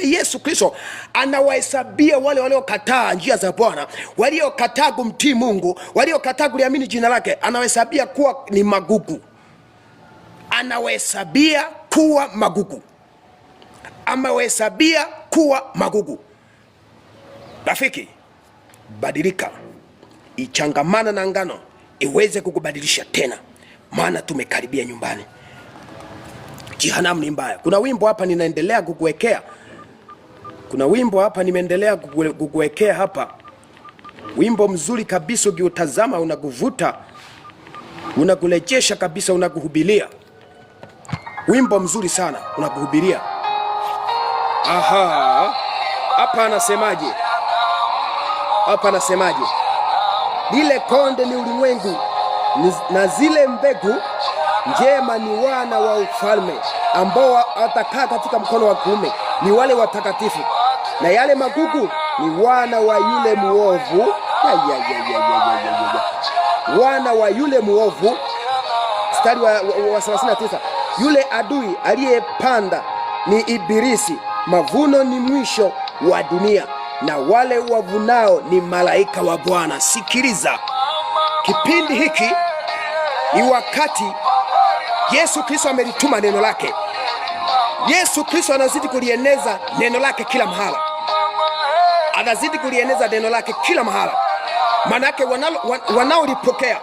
Mwingine Yesu Kristo anawahesabia wale waliokataa njia za Bwana, waliokataa kumtii Mungu, waliokataa kuliamini jina lake, anawahesabia kuwa ni magugu, anawahesabia kuwa magugu, amewahesabia kuwa magugu. Rafiki, badilika, ichangamana na ngano iweze kukubadilisha tena, maana tumekaribia nyumbani. jihanamu ni mbaya. Kuna wimbo hapa ninaendelea kukuwekea. Kuna wimbo hapa nimeendelea kukuwekea hapa, wimbo mzuri kabisa, ukiutazama unakuvuta, unakurejesha kabisa, unakuhubilia Wimbo mzuri sana unakuhubilia Aha, hapa anasemaje? Hapa anasemaje? Lile konde ni ulimwengu na zile mbegu njema ni wana wa ufalme ambao watakaa katika mkono wa kuume, ni wale watakatifu na yale magugu ni wana wa yule muovu, wana wa yule muovu. Mstari wa 39, yule adui aliyepanda ni Ibilisi. Mavuno ni mwisho wa dunia na wale wavunao ni malaika wa Bwana. Sikiliza, kipindi hiki ni wakati Yesu Kristo amelituma neno lake. Yesu Kristo anazidi kulieneza neno lake kila mahala anazidi kulieneza neno lake kila mahala, yake wanaolipokea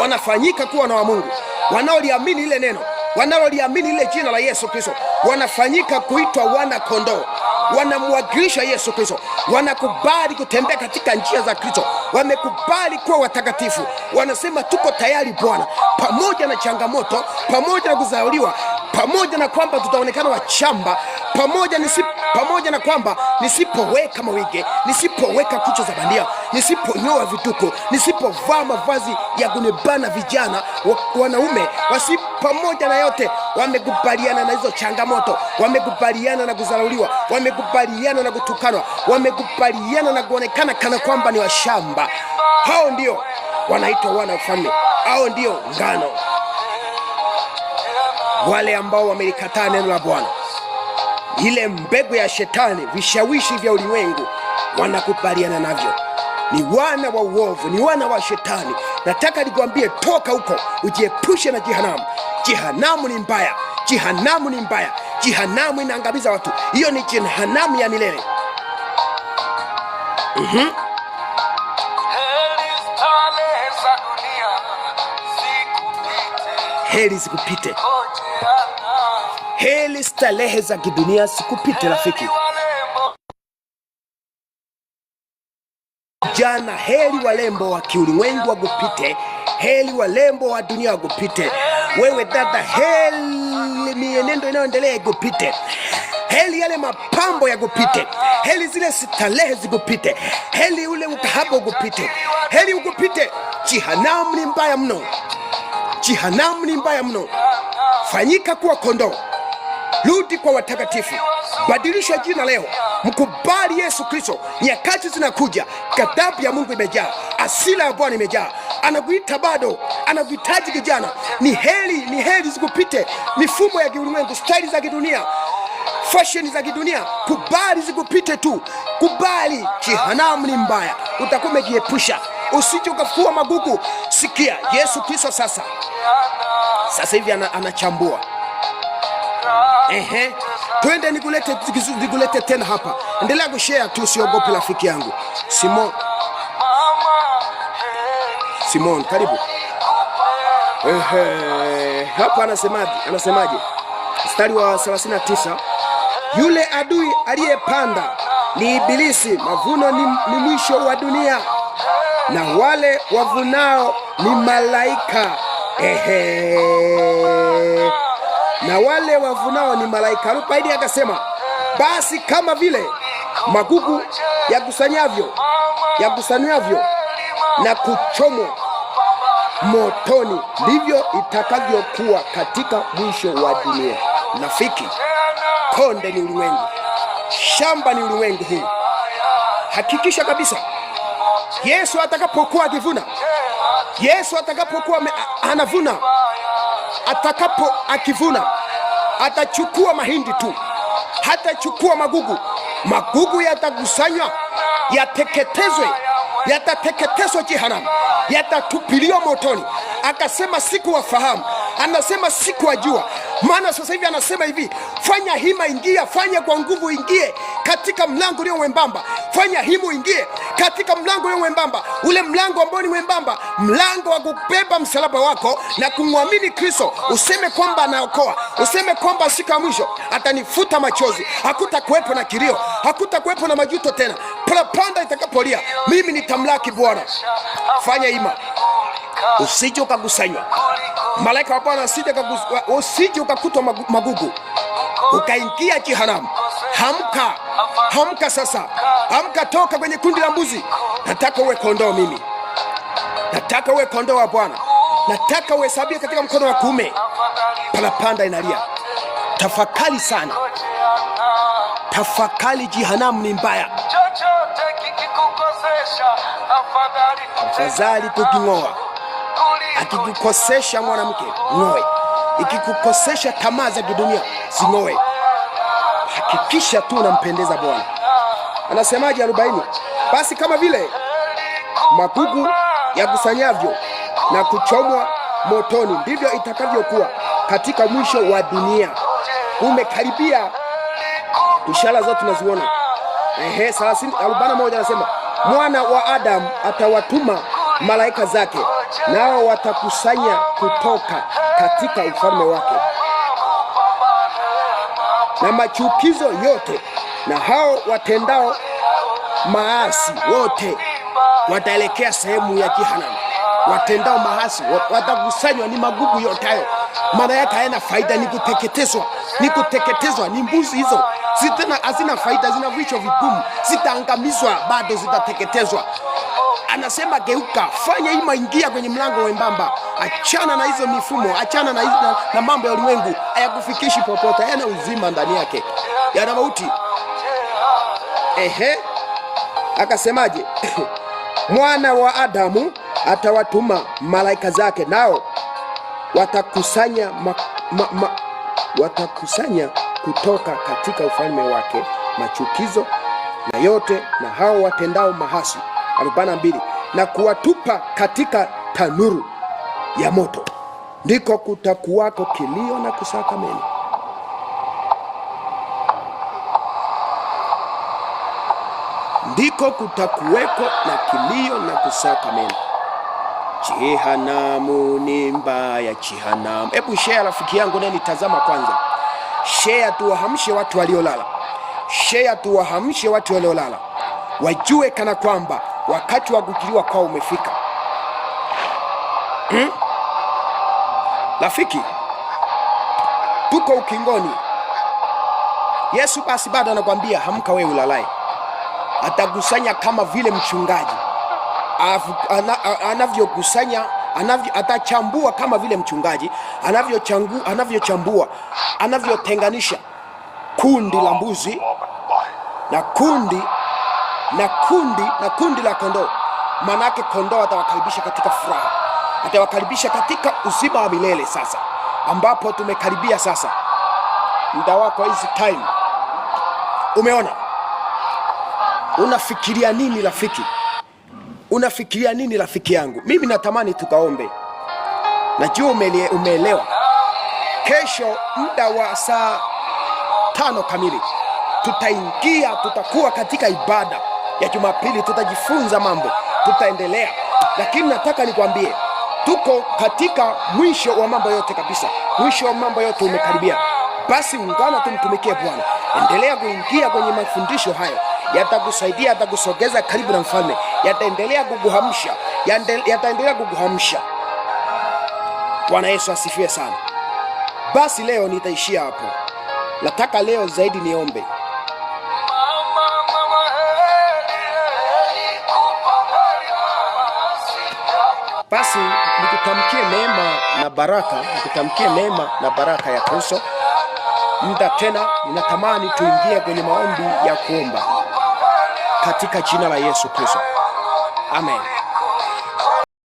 wanafanyika kuwa na wa Mungu, wanaoliamini ile neno, wanaoliamini ile jina la Yesu Kristo wanafanyika kuitwa wana kondoo, wanamwakilisha Yesu Kristo, wanakubali kutembea katika njia za Kristo, wamekubali kuwa watakatifu, wanasema tuko tayari Bwana, pamoja na changamoto, pamoja na kuzauliwa pamoja na kwamba tutaonekana wachamba, pamoja, nisip, pamoja na kwamba nisipoweka mawige, nisipoweka kucha za bandia, nisiponyoa vituko, nisipovaa mavazi ya kunibana, vijana wanaume wasi, pamoja na yote wamekubaliana na hizo changamoto, wamekubaliana na kudharauliwa, wamekubaliana na kutukanwa, wamekubaliana na kuonekana kana kwamba ni washamba. Hao ndio wanaitwa wana ufalme, hao ndio ngano, wale ambao wamelikataa neno la Bwana ile mbegu ya shetani, vishawishi vya ulimwengu, wanakubaliana navyo. Ni wana wa uovu, ni wana wa shetani. Nataka nikwambie, toka huko, ujiepushe na jehanamu. Jehanamu ni mbaya, jehanamu ni mbaya, jehanamu inaangamiza watu. Hiyo ni jehanamu ya milele. mm -hmm. Heri zikupite. Oh, heli starehe za kidunia sikupite rafiki. Jana wa lembo wa kiulimwengu wakupite, heri warembo wa dunia wagupite Wewe dada, heli mienendo inayoendelea igupite heli yale mapambo gupite heli zile starehe zigupite heli ule ukahaba ukupite, heri ugupite Jehanamu ni mbaya mno, jehanamu ni mbaya mno. Fanyika kuwa kondoo. Rudi kwa watakatifu, badilisha jina leo, mkubali Yesu Kristo. Nyakati zinakuja, ghadhabu ya Mungu imejaa, asila ya Bwana imejaa. Anakuita bado, anakuhitaji kijana. Ni heri, ni heri zikupite mifumo ya kiulimwengu, staili za kidunia fasheni za kidunia, kubali zikupite tu. Kubali, jehanamu ni mbaya, utakuwa umejiepusha. Usije ukafua magugu. Sikia Yesu Kristo sasa, sasa hivi anachambua Ehe, twende nikulete, nikulete tena hapa. Endelea kushare tu, siogopi rafiki yangu Simon. Simon, karibu. Ehe, hapa anasemaje? Anasemaje? Mstari wa 39, yule adui aliyepanda ni Ibilisi, mavuno ni, ni mwisho wa dunia na wale wavunao ni malaika. Ehe na wale wavunao ni malaika. Arobaini akasema, basi kama vile magugu yakusanyavyo yakusanyavyo na kuchomwa motoni, ndivyo itakavyokuwa katika mwisho wa dunia. Nafiki, konde ni ulimwengu, shamba ni ulimwengu huu. Hakikisha kabisa Yesu atakapokuwa akivuna, Yesu atakapokuwa anavuna atakapo akivuna atachukua mahindi tu, hatachukua magugu. Magugu yatakusanywa, yateketezwe, yatateketezwa jehanamu, yatatupiliwa motoni. Akasema wafahamu, anasema wajua. Maana sasa hivi anasema hivi, Fanya hima ingia, fanya kwa nguvu ingie katika mlango ulio mwembamba, fanya himu ingie katika mlango ulio mwembamba, ule mlango ambao ni mwembamba, mlango wa kubeba msalaba wako na kumwamini Kristo. Useme kwamba anaokoa, useme kwamba siku ya mwisho atanifuta machozi, hakuta kuwepo na kilio, hakuta kuwepo na majuto tena. Parapanda itakapolia, mimi nitamlaki Bwana. Fanya hima, usije ukakusanywa malaika wa Bwana, usije ukakutwa magugu ukaingia jehanamu. Hamka, hamka sasa, hamka, toka kwenye kundi la mbuzi. Nataka uwe kondoo mimi, nataka uwe kondoo wa Bwana, nataka uhesabia katika mkono wa kuume. Parapanda inalia. Tafakari sana, tafakari. Jehanamu ni mbaya, afadhali kuking'oa. Akikukosesha mwanamke, ng'oe ikikukosesha tamaa za kidunia zing'oe, hakikisha tu unampendeza Bwana. Anasemaje arobaini? Basi kama vile magugu yakusanyavyo na kuchomwa motoni, ndivyo itakavyokuwa katika mwisho wa dunia. Umekaribia, ishara zote tunaziona. Ehe, arobaini na moja anasema mwana wa Adamu atawatuma malaika zake, nao watakusanya kutoka katika ufalme wake, na machukizo yote, na hao watendao maasi wote wataelekea sehemu ya jehanamu. Watendao maasi watakusanywa, ni magugu yote hayo. Maana yake hayana faida, ni kuteketezwa, ni kuteketezwa, ni mbuzi hizo hazina faida, zina vichwa vigumu, zitaangamizwa, bado zitateketezwa anasema geuka, fanya hima, ingia kwenye mlango wembamba, achana na hizo mifumo, achana na, na, na mambo ya ulimwengu, hayakufikishi popote, yana uzima ndani yake, yana mauti. Ehe, akasemaje? Mwana wa Adamu atawatuma malaika zake, nao watakusanya ma, ma, ma, watakusanya kutoka katika ufalme wake machukizo na yote na hao watendao mahasi 42 na kuwatupa katika tanuru ya moto, ndiko kutakuwako kilio na kusaka meno. Ndiko kutakuweko na kilio na kusaka meno. Jehanamu ni mbaya, jehanamu. Hebu share rafiki yangu, naye nitazama kwanza. Share tuwahamshe watu waliolala, share tuwahamshe watu waliolala, wajue kana kwamba wakati wa kujiliwa kwao umefika. Hmm? Rafiki, tuko ukingoni. Yesu basi bado anakwambia hamka, wewe ulalaye. Atakusanya kama vile mchungaji anavyokusanya anavyo, atachambua kama vile mchungaji anavyochambua anavyo anavyotenganisha kundi la mbuzi na kundi na kundi na kundi la kondoo. Maana yake kondoo atawakaribisha katika furaha, atawakaribisha katika uzima wa milele. Sasa ambapo tumekaribia sasa muda wako hizi time, umeona unafikiria nini rafiki? Unafikiria nini rafiki yangu? Mimi natamani tukaombe, najua umeelewa. Kesho muda wa saa tano kamili tutaingia, tutakuwa katika ibada ya Jumapili tutajifunza mambo, tutaendelea, lakini nataka nikwambie tuko katika mwisho wa mambo yote kabisa. Mwisho wa mambo yote umekaribia. Basi ungana, tumtumikie Bwana. Endelea kuingia kwenye mafundisho hayo, yatakusaidia, yatakusogeza karibu na mfalme, yataendelea kuguhamsha, yataendelea kukuhamsha. Bwana Yesu asifiwe sana. Basi leo nitaishia hapo. Nataka leo zaidi niombe. basi nikutamkie neema na baraka, nikutamkie neema na baraka ya Kristo. Muda tena, ninatamani tuingie kwenye maombi ya kuomba katika jina la Yesu Kristo, amen.